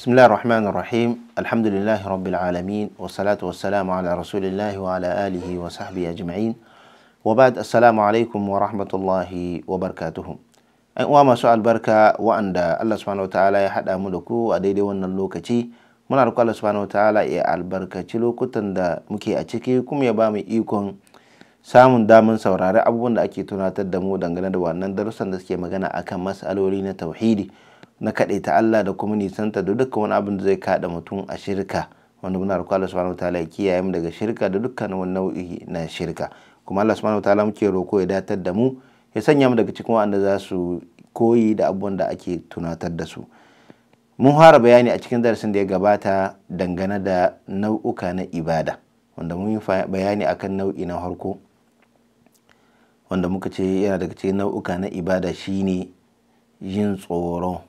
بسم الله الرحمن الرحيم الحمد لله رب العالمين والصلاة والسلام على رسول الله وعلى آله وصحبه أجمعين وبعد السلام عليكم ورحمة الله وبركاته وما سؤال بركة وأند الله سبحانه وتعالى حتى ملكو أدي دي ونن لوكتي من أرقى الله سبحانه وتعالى يا البركة تلو كتن دا مكي أتكي كم يبامي إيكم سامن دامن سوراري أبوان دا أكي تناتد دمو دنگنا دوانن درسان دسكي مغانا أكا مسألولين توحيدي na ta Allah da kuma nisanta da dukkan wani abin da zai kaɗa mutum a shirka wanda muna roƙo Allah subhanahu wataala ya kiyaye mu daga shirka da dukkan wani nau'i na shirka kuma Allah subhanahu wataala muke roƙo ya datar da mu ya sanya mu daga cikin wanda za su koyi da abubuwan da ake tunatar da su mun fara bayani a cikin darasin da ya gabata dangane da nau'uka na ibada wanda mun yi bayani akan nau'i na harko wanda muka ce yana daga cikin nau'uka na ibada shine yin tsoro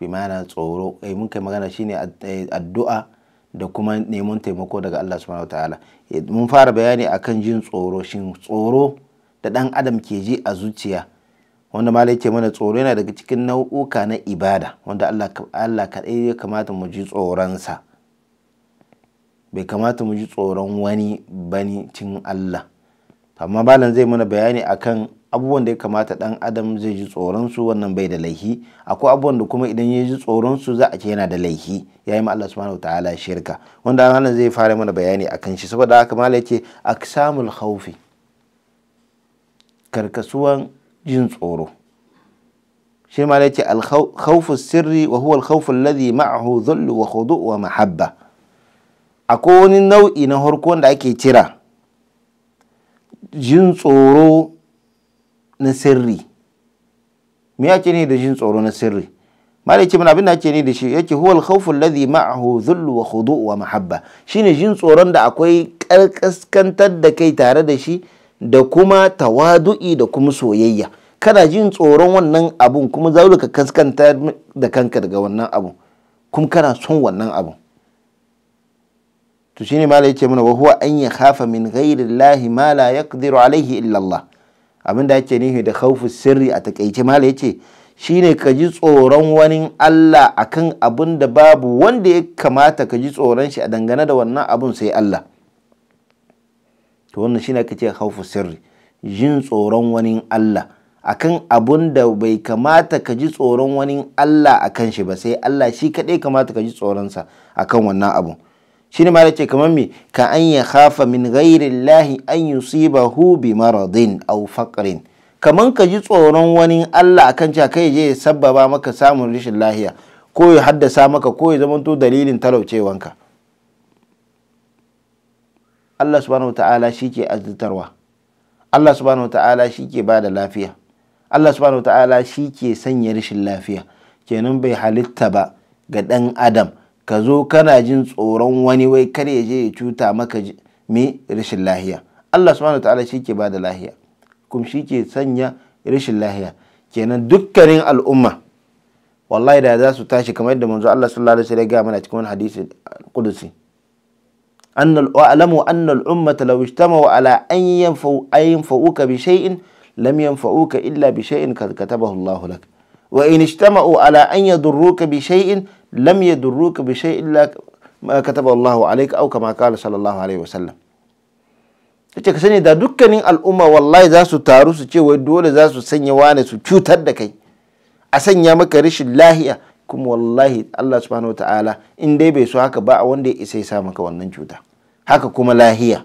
bi mana tsoro eh mun kai magana shine eh, addu'a da kuma neman taimako daga Allah subhanahu ta'ala eh, mun fara bayani akan jin tsoro shin tsoro da dan adam ke ji a zuciya wanda ma yake mana tsoro yana daga cikin nau'uka na ibada wanda Allah Allah ka ya kamata mu ji sa bai kamata mu ji tsoron wani bani cin Allah amma balan zai mana bayani akan abubuwan da ya kamata dan adam zai ji tsoronsu wannan bai da laifi akwai abubuwan da kuma idan ya ji tsoron su za a ce yana da laihi yi ma Allah subhanahu ta'ala shirka wanda nan zai fara mana bayani a kan shi saboda haka mala yace aksamul haufi karkasuwan jin tsoro shi mala yace al sirri wa huwa al alladhi ma'ahu dhullu wa khudu' wa mahabba akwai wani nau'i na harko da ake cira jin tsoro na sirri me yake ne da jin tsoro na sirri malaki ce mana abin da ake ne da shi yake huwal khawfu alladhi ma'ahu dhullu wa khudu' wa mahabba shine jin tsoron da akwai karkaskantar da kai tare da shi da kuma tawadu'i da kuma soyayya kana jin tsoron wannan abun kuma za ka kaskanta da kanka daga wannan abun kuma kana son wannan abun to shine malai ce mana wa huwa an ya khafa min ghairi llahi ma la yaqdiru alaihi illa Allah abinda ake nihi da khawfu sirri a takaice mala yace shine ka ji tsoron wani Allah akan abin da babu wanda ya kamata ka ji tsoron shi a dangane da wannan abun sai Allah to wannan shine ka ce khawfu sirri jin tsoron wani Allah akan abun da bai kamata ka ji tsoron wani Allah akan shi ba sai Allah shi kaɗai kamata ka ji tsoronsa akan wannan abun shine ma ce kamar mi ka an ya hafa min lahi an hu bi maradin aw faqrin kamar ka ji tsoron wani Allah a kan cewa kai je ya sabbaba maka samun rashin lahiya ko ya haddasa maka ko ya zamanto dalilin talaucewanka Allah subhanahu ta'ala shi ke azitarwa Allah subhanahu ta'ala shi ke ba da lafiya Allah subhanahu ta'ala shi ke sanya rashin lafiya kenan bai halitta ba ga ɗan adam kazo kana jin tsoron wani wai kare ya je ya cuta maka mi rishin lahiya Allah subhanahu wataala shi ke bada lahiya kum shi ke sanya rishin lahiya kenan dukkanin al'umma wallahi da za su tashi kamar yadda manzo Allah sallallahu alaihi wasallam ya ga mana cikin wani hadisi qudusi أن واعلموا أن الأمة لو اجتمعوا على أن ينفعوا أن ينفعوك بشيء لم ينفعوك إلا بشيء قد كتبه الله لك وإن اجتمعوا على أن يضروك بشيء lam yadurruka bi shay illa kataba Allahu alayka aw kama qala sallallahu alaihi wasallam yace ka sani da dukkanin al'umma wallahi za su taru su ce wai dole za su sanya wane su cutar da kai a sanya maka rashin lahiya kuma wallahi Allah subhanahu wataala in dai bai so haka ba a wanda ya isa ya maka wannan cuta haka kuma lahiya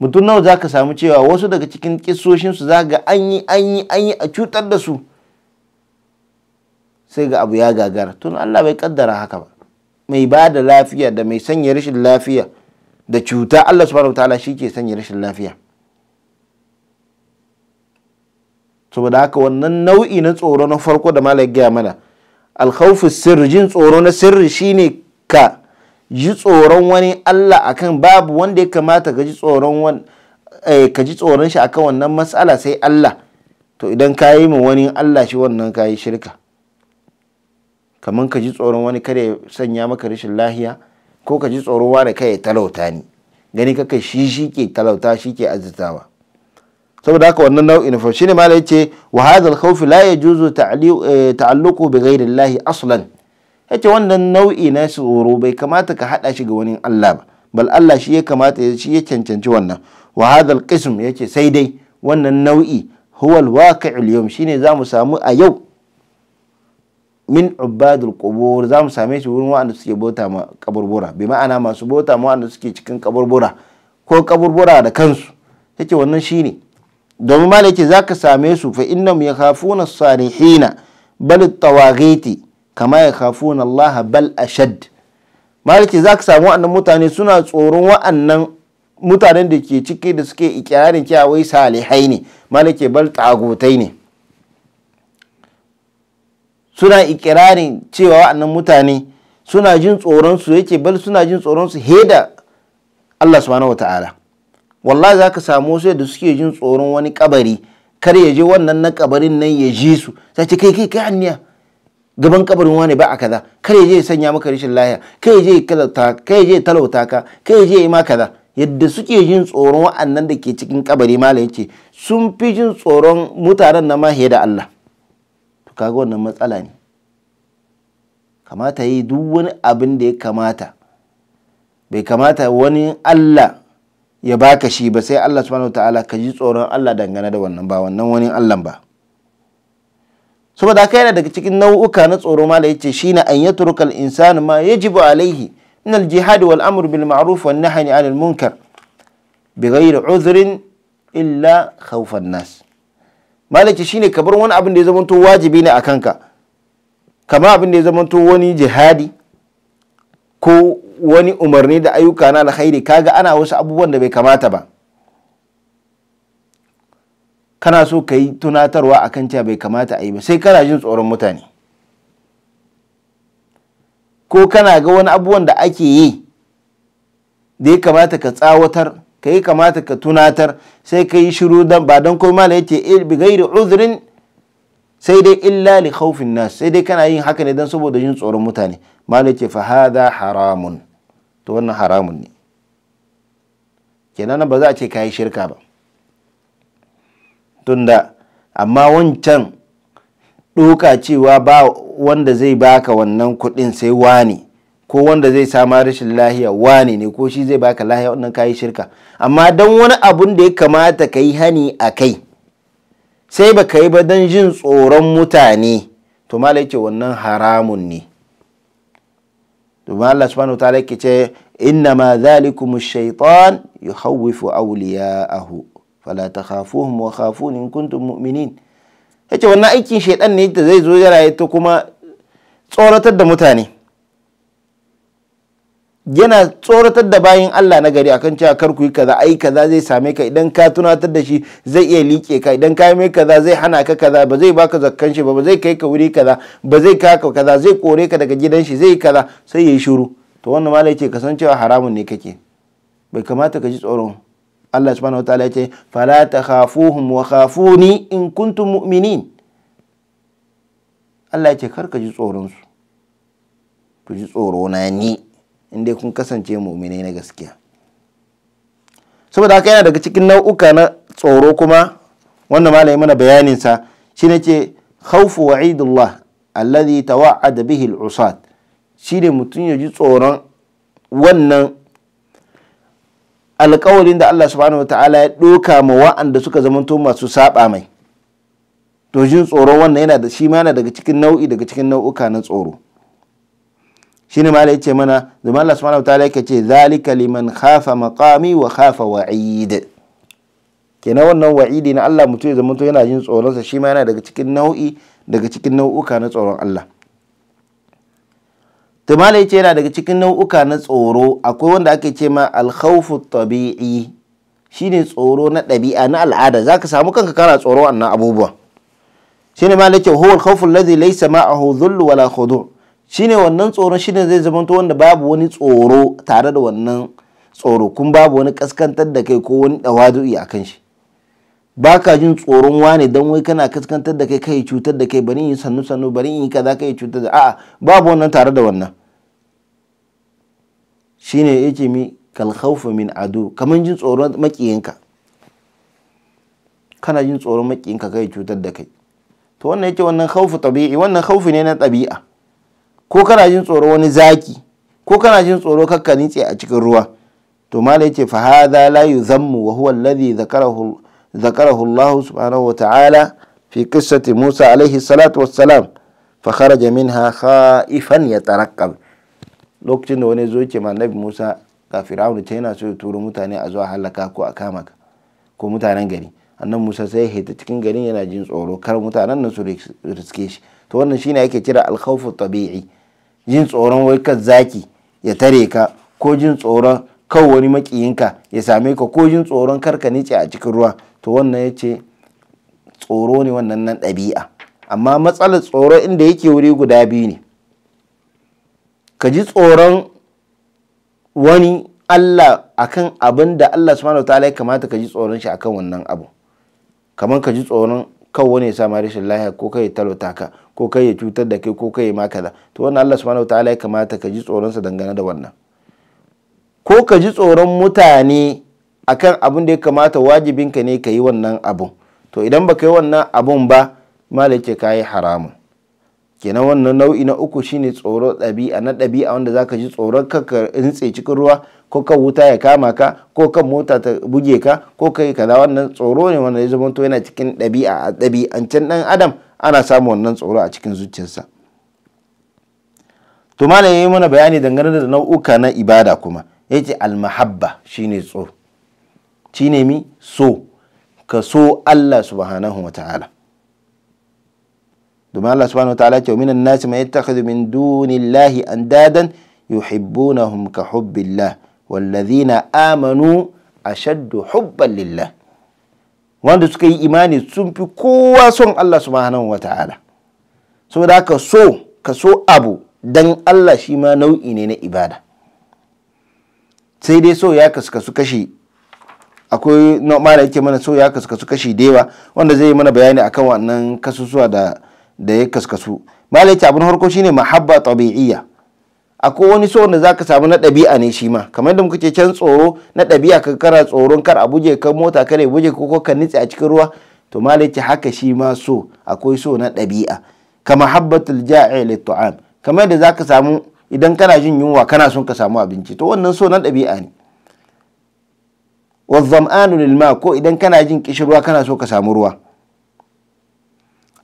mutum nawa za ka samu cewa wasu daga cikin kisoshinsu za ga an yi an yi an yi a cutar da su sai ga abu ya gagara tun Allah bai kaddara haka ba mai ba da lafiya da mai sanya rashin lafiya da cuta Allah subhanahu ta'ala shi ke sanya rashin lafiya saboda haka wannan nau'i na tsoro na farko da malam gaya mana alkhawfu sirri jin tsoro na sirri shine ka ji tsoron wani Allah akan babu wanda ya kamata ka ji tsoron eh, ka ji tsoron shi akan wannan matsala sai Allah to idan ka yi mu wani Allah shi wannan ka yi shirka kamar ka ji tsoron wani kare sanya maka rashin lahiya ko ka ji tsoron wani kai talauta ni gani kaka shi shi ke talauta shi ke azitawa saboda haka wannan nau'in fa shine mala yace wa hadha khawfi la yajuzu eh, ta'alluqu bi ghairi llahi aslan yace wannan nau'i na tsoro bai kamata ka hada shi ga wani Allah ba bal Allah shi ya kamata shi ya cancanci wannan wa hadha qism yace sai dai wannan nau'i huwa al-waqi'ul yawm shine zamu samu a yau min ubadul qubur za mu same shi wurin waɗanda suke bota ma kaburbura bi ma'ana masu bota ma waɗanda suke cikin kaburbura ko kaburbura da kansu yake wannan shine domin ma yake zaka same su fa innam yakhafuna salihina bal tawaghiti kama yakhafuna Allah bal ashad malai zaka samu waɗannan mutane suna tsoron wa'annan mutanen da ke ciki da suke ikirarin cewa wai salihai ne malai yace bal tagutai ne suna ikirarin cewa wa'annan mutane suna jin tsoron su yake bal suna jin tsoron su heda Allah subhanahu wata'ala wallahi za ka samu sai da suke jin tsoron wani kabari kar ya je wannan na kabarin nan ya ji su sai ce kai kai kai hanniya gaban kabarin wani ba a kaza kar ya je ya sanya maka rashin lahiya kai ya je ya kalauta kai je talauta ka kai ya je ya yi ma kaza yadda suke jin tsoron wa'annan da ke cikin kabari malam yace sun fi jin tsoron mutanen na ma da Allah kaga wannan matsala ne kamata yi duk wani abin da ya kamata bai kamata wani Allah ya baka shi ba sai Allah subhanahu ta'ala ka ji tsoron Allah dangane da wannan ba wannan wani Allah ba saboda haka yana daga cikin nau'uka na tsoro ma da yace shine an yi al insani ma yajibu alaihi min al wal amr bil ma'ruf wan nahy 'anil munkar bighayri uzrin illa khawfan nas malaki shine ka wani abin da ya zamanto wajibi ne a kanka kamar abin da ya zamanto wani jihadi ko wani umarni da ayyuka na alkhairi kaga ana wasu abubuwan da bai kamata ba kana so ka yi tunatarwa akan cewa bai kamata a yi ba sai kana jin tsoron mutane ko kana ga wani abubuwan da ake yi da ya kamata ka tsawatar ka yi kamata ka tunatar sai ka yi shiru dan ba don koma da yake ilbi gairi uzrin sai dai illa li khawfin nas sai dai kana yin haka ne dan saboda yin tsoron mutane mala yace fa hadha haramun to wannan haramun ne kenan ba za a ce ka yi shirka ba tunda amma wancan doka cewa ba wanda zai baka wannan kuɗin sai wani ko wanda zai sama rashin lahiya wane ne ko shi zai baka lahiya wannan kayi shirka amma don wani abun da ya kamata ka yi hani a kai sai baka yi ba don jin tsoron mutane to malai yake wannan haramun ne to Allah subhanahu wa ta'ala yake ce inna ma zalikum shaytan yukhawwifu awliya'ahu fala takhafuhum wa khafuni in kuntum mu'minin Yake wannan aikin shaytan ne da zai zo ya ta kuma tsoratar da mutane yana tsoratar da bayan Allah na gari akan cewa kar ku yi kaza ai kaza zai same ka idan ka tunatar da shi zai iya liƙe ka idan ka yi mai kaza zai hana ka kaza ba zai baka zakkan shi ba ba zai kai ka wuri kaza ba zai ka kaza zai kore ka daga gidan shi zai kaza sai yayi shiru to wannan malai ce cewa haramun ne kake bai kamata ka ji tsoron Allah subhanahu wataala ya ce fala takhafuhum wa khafuni in kuntum mu'minin Allah ya ce kar ka ji tsoron su ku ji tsoro na ni in dai kun kasance muminai na gaskiya saboda haka yana daga cikin nau'uka na tsoro kuma wannan malami mana bayanin bayaninsa shine ce khawfu wa'idullah alladhi tawa'ada bihi al-usat shine mutum ya ji tsoron wannan alkawarin da Allah subhanahu ta'ala ya doka ma wa'anda suka zamanto masu saba mai to jin tsoron wannan yana da shi ma yana daga cikin nau'i daga cikin nau'uka na tsoro shine malai ce mana domin Allah subhanahu wataala yake ce zalika liman khafa maqami wa khafa wa'id kenan wannan wa'idi na Allah mutum ya zama to yana jin tsoron sa shi ma yana daga cikin nau'i daga cikin nau'uka na tsoron Allah to malai ce yana daga cikin nau'uka na tsoro akwai wanda ake ce ma al-khawfu tabi'i shine tsoro na ɗabi'a na al'ada zaka samu kanka kana tsoro wannan abubuwa shine malai ce huwa al-khawfu alladhi laysa ma'ahu dhullu wala khudu' shine wannan tsoron shine zai zamanto wanda babu wani tsoro tare da wannan tsoro kun babu wani kaskantar da kai ko wani dawadu'i a kan shi ba ka jin tsoron wane don wai kana kaskantar da kai kai cutar da kai bari yi sannu sannu bari yi kaza kai cutar da a'a babu wannan tare da wannan shine yake mi kal khawfa min adu kaman jin tsoron makiyinka kana jin tsoron makiyinka kai cutar da kai to wannan yake wannan khawfu tabi'i wannan khawfi ne na tabi'a ko kana jin tsoro wani zaki ko kana jin tsoro kakka nitse a cikin ruwa to mala yace fa hadha la yuzammu wa huwa alladhi dhakarahu dhakarahu Allah subhanahu wa ta'ala fi qissati Musa alayhi salatu wassalam fa kharaja minha khaifan yatarakkab lokacin da wani zo ce ma Nabi Musa ga Fir'aun ta yana so ya turo mutane a zuwa halaka ko a kama ka ko mutanen gari annan Musa sai ya ta cikin garin yana jin tsoro kar mutanen nan su riske shi to wannan shine ake kira al-khawfu tabi'i jin tsoron wai ka zaki ya tare ka ko jin tsoron kawo wani makiyinka ya same ka ko jin tsoron karka nice a cikin ruwa to wannan ya ce tsoro ne wannan nan ɗabi'a amma matsalar tsoro inda yake wuri guda biyu ne ka ji tsoron wani Allah akan abin da Allah subhanahu ta'ala ya kamata ka ji tsoron shi akan wannan abu kamar ka ji tsoron Kawo ne ya sama rashin lahiya ko kai talauta ka ko kai ya cutar da kai ko kai ya maka da to wannan Allah subhanahu wataala ya kamata ka ji tsoron sa dangane da wannan ko ka ji tsoron mutane akan abin da ya kamata wajibinka ne ka yi wannan abun to idan baka yi wannan abun ba malai ce ka yi haramun kenan wannan nau'i na uku shine tsoro ɗabi'a na ɗabi'a wanda zaka ji tsoron ka ka rintse cikin ruwa ko kan wuta ya kama ka ko kan mota ta buge ka ko kai kaza wannan tsoro ne wanda ya zama to yana cikin ɗabi'a a ɗabi'ancen ɗan adam ana samun wannan tsoro a cikin zuciyarsa to malam yayi mana bayani dangane da nau'uka na ibada kuma yace almahabba shine tsoro shine mi so ka so Allah subhanahu wa ta'ala domin Allah subhanahu wataala ce minan nasi man yattakhidhu min dunillahi andadan yuhibbunahum ka hubbillah wallazina amanu ashaddu hubban lillah wanda suka yi imani sun fi kowa son Allah subhanahu wataala saboda haka so ka so abu dan Allah shi ma nau'i ne na ibada sai dai so ya kasu kasu kashi akwai mana yake mana so ya kasu kasu kashi da yawa wanda zai yi mana bayani akan wannan kasusuwa da da ya kaskasu malai ce abin harko shine mahabba tabi'iyya akwai wani so da zaka samu na ɗabi'a ne shi ma kamar da muka ce can tsoro na ɗabi'a ka kara tsoron kar a buje ka mota kare buje ko ka nitse a cikin ruwa to malai ce haka shi ma so akwai so na ɗabi'a ka mahabbatul ja'il tu'am kamar da zaka samu idan kana jin yunwa kana son ka samu abinci to wannan so na ɗabi'a ne wa zam'anu lil ma ko idan kana jin kishirwa kana so ka samu ruwa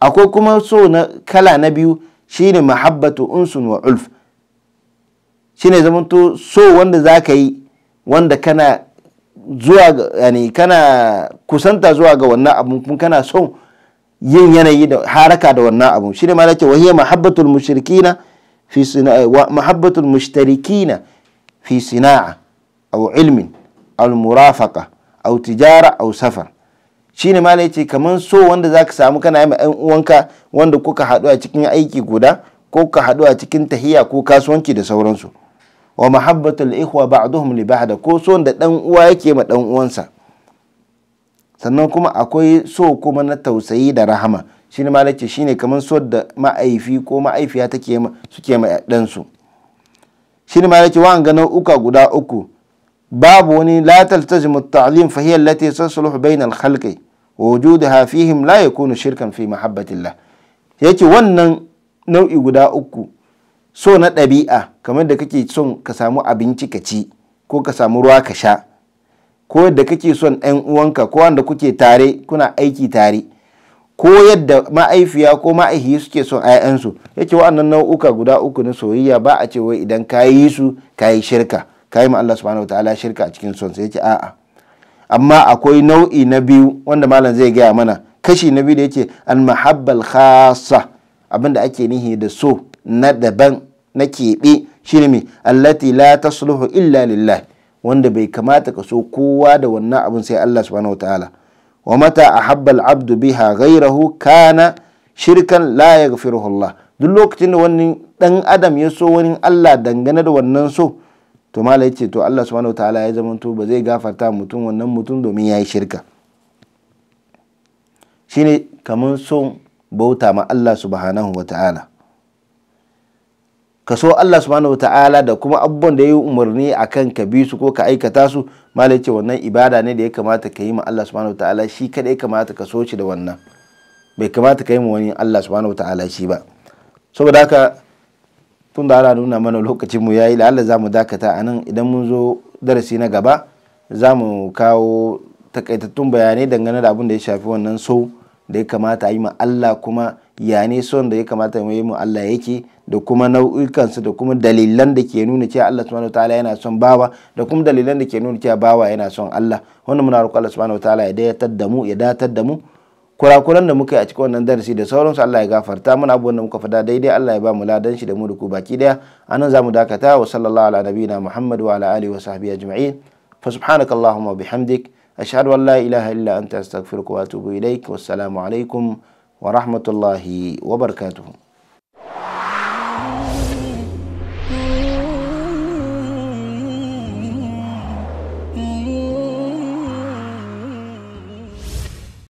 akwai kuma so na kala na biyu shine mahabbatu unsun wa ulf shine zamanto so wanda za ka yi wanda kana zuwa yani kana kusanta zuwa ga wannan abun kuma kana son yin yanayi da haraka da wannan abun shine ma nake wahiya mahabbatul mushrikina fi sina'a wa mahabbatul mushtarikina fi sina'a aw ilmin al murafaqa aw tijara aw safar ne ma yace kamar so wanda zaka samu kana yi ma yan uwanka wanda kuka haɗu a cikin aiki guda ko ka haɗu a cikin tahiya ko kasuwanci da sauransu wa mahabbatul ikhwa ba'dhum li ba'd ko so da dan uwa yake ma dan uwansa sannan kuma akwai so kuma na tausayi da rahama shine ma yace shine kamar so da ma'aifi ko ma'aifiya take suke ma su shine ma yace wa'an gano uka guda uku babu wani latar ta jimu ta'alim fa hiya sun sulhu bayna wujuduha fihim la yakunu shirkan fi mahabbatillah yake wannan nau'i guda uku so na ɗabi'a kamar da kake son ka samu abinci ka ci ko ka samu ruwa ka sha ko yadda kake son ɗan uwanka ko wanda kuke tare kuna aiki tare ko yadda ma'aifiya ko ma'aihi suke son 'ya'yansu yake wa'annan nau'uka guda uku na soyayya ba a ce wai idan ka su ka yi shirka ka yi ma Allah subhanahu wa ta'ala shirka a cikin son sai yake a'a amma akwai nau'i na biyu wanda malam zai gaya mana kashi na biyu da yake an mahabbal khasa abinda ake nihi da so na daban na keɓe shine mai allati la tasluhu illa lillah wanda bai kamata ka so kowa da wannan abin sai Allah subhanahu wa ta'ala wa mata ahabbal habbal abdu biha ghayrahu kana shirkan la yaghfiruhu Allah duk lokacin da wani dan adam ya so wani Allah dangane da wannan so to malai ce to Allah subhanahu ta'ala ya zamanto ba zai gafarta mutum wannan mutum domin ya yi shirka shine kamar son bauta ma Allah subhanahu wa ta'ala ka so Allah subhanahu wa ta'ala da kuma abubuwan da ya yi umarni a kan ka bi su ko ka aikata su malai ce wannan ibada ne da ya kamata ka yi ma Allah subhanahu wa ta'ala shi kada ya kamata ka so shi da wannan bai kamata ka yi ma wani Allah subhanahu wa ta'ala shi ba saboda haka tun ana nuna mana lokacin mu yayi la'alla za mu dakata a nan idan mun zo darasi na gaba za mu kawo takaitattun bayanai dangane da abin da ya shafi wannan so da ya kamata a yi ma Allah kuma ya ne son da ya kamata mu yi mu Allah yake da kuma nau'ikansu da kuma dalilan da ke nuna cewa Allah subhanahu wataala yana son bawa da kuma dalilan da ke nuna cewa bawa yana son Allah wannan muna roƙon Allah subhanahu wataala ya dayatar da mu ya datar da mu kurakuran da muka yi a cikin wannan darasi da sauran su Allah ya gafarta mana abun da muka fada daidai Allah ya ba mu ladan shi da mu da baki daya anan zamu dakata wa sallallahu ala nabiyina Muhammad wa ala alihi wa sahbihi ajma'in fa subhanakallahumma wa bihamdik ashhadu an la ilaha illa anta astaghfiruka wa atubu ilaik wa assalamu alaikum wa rahmatullahi wa barakatuh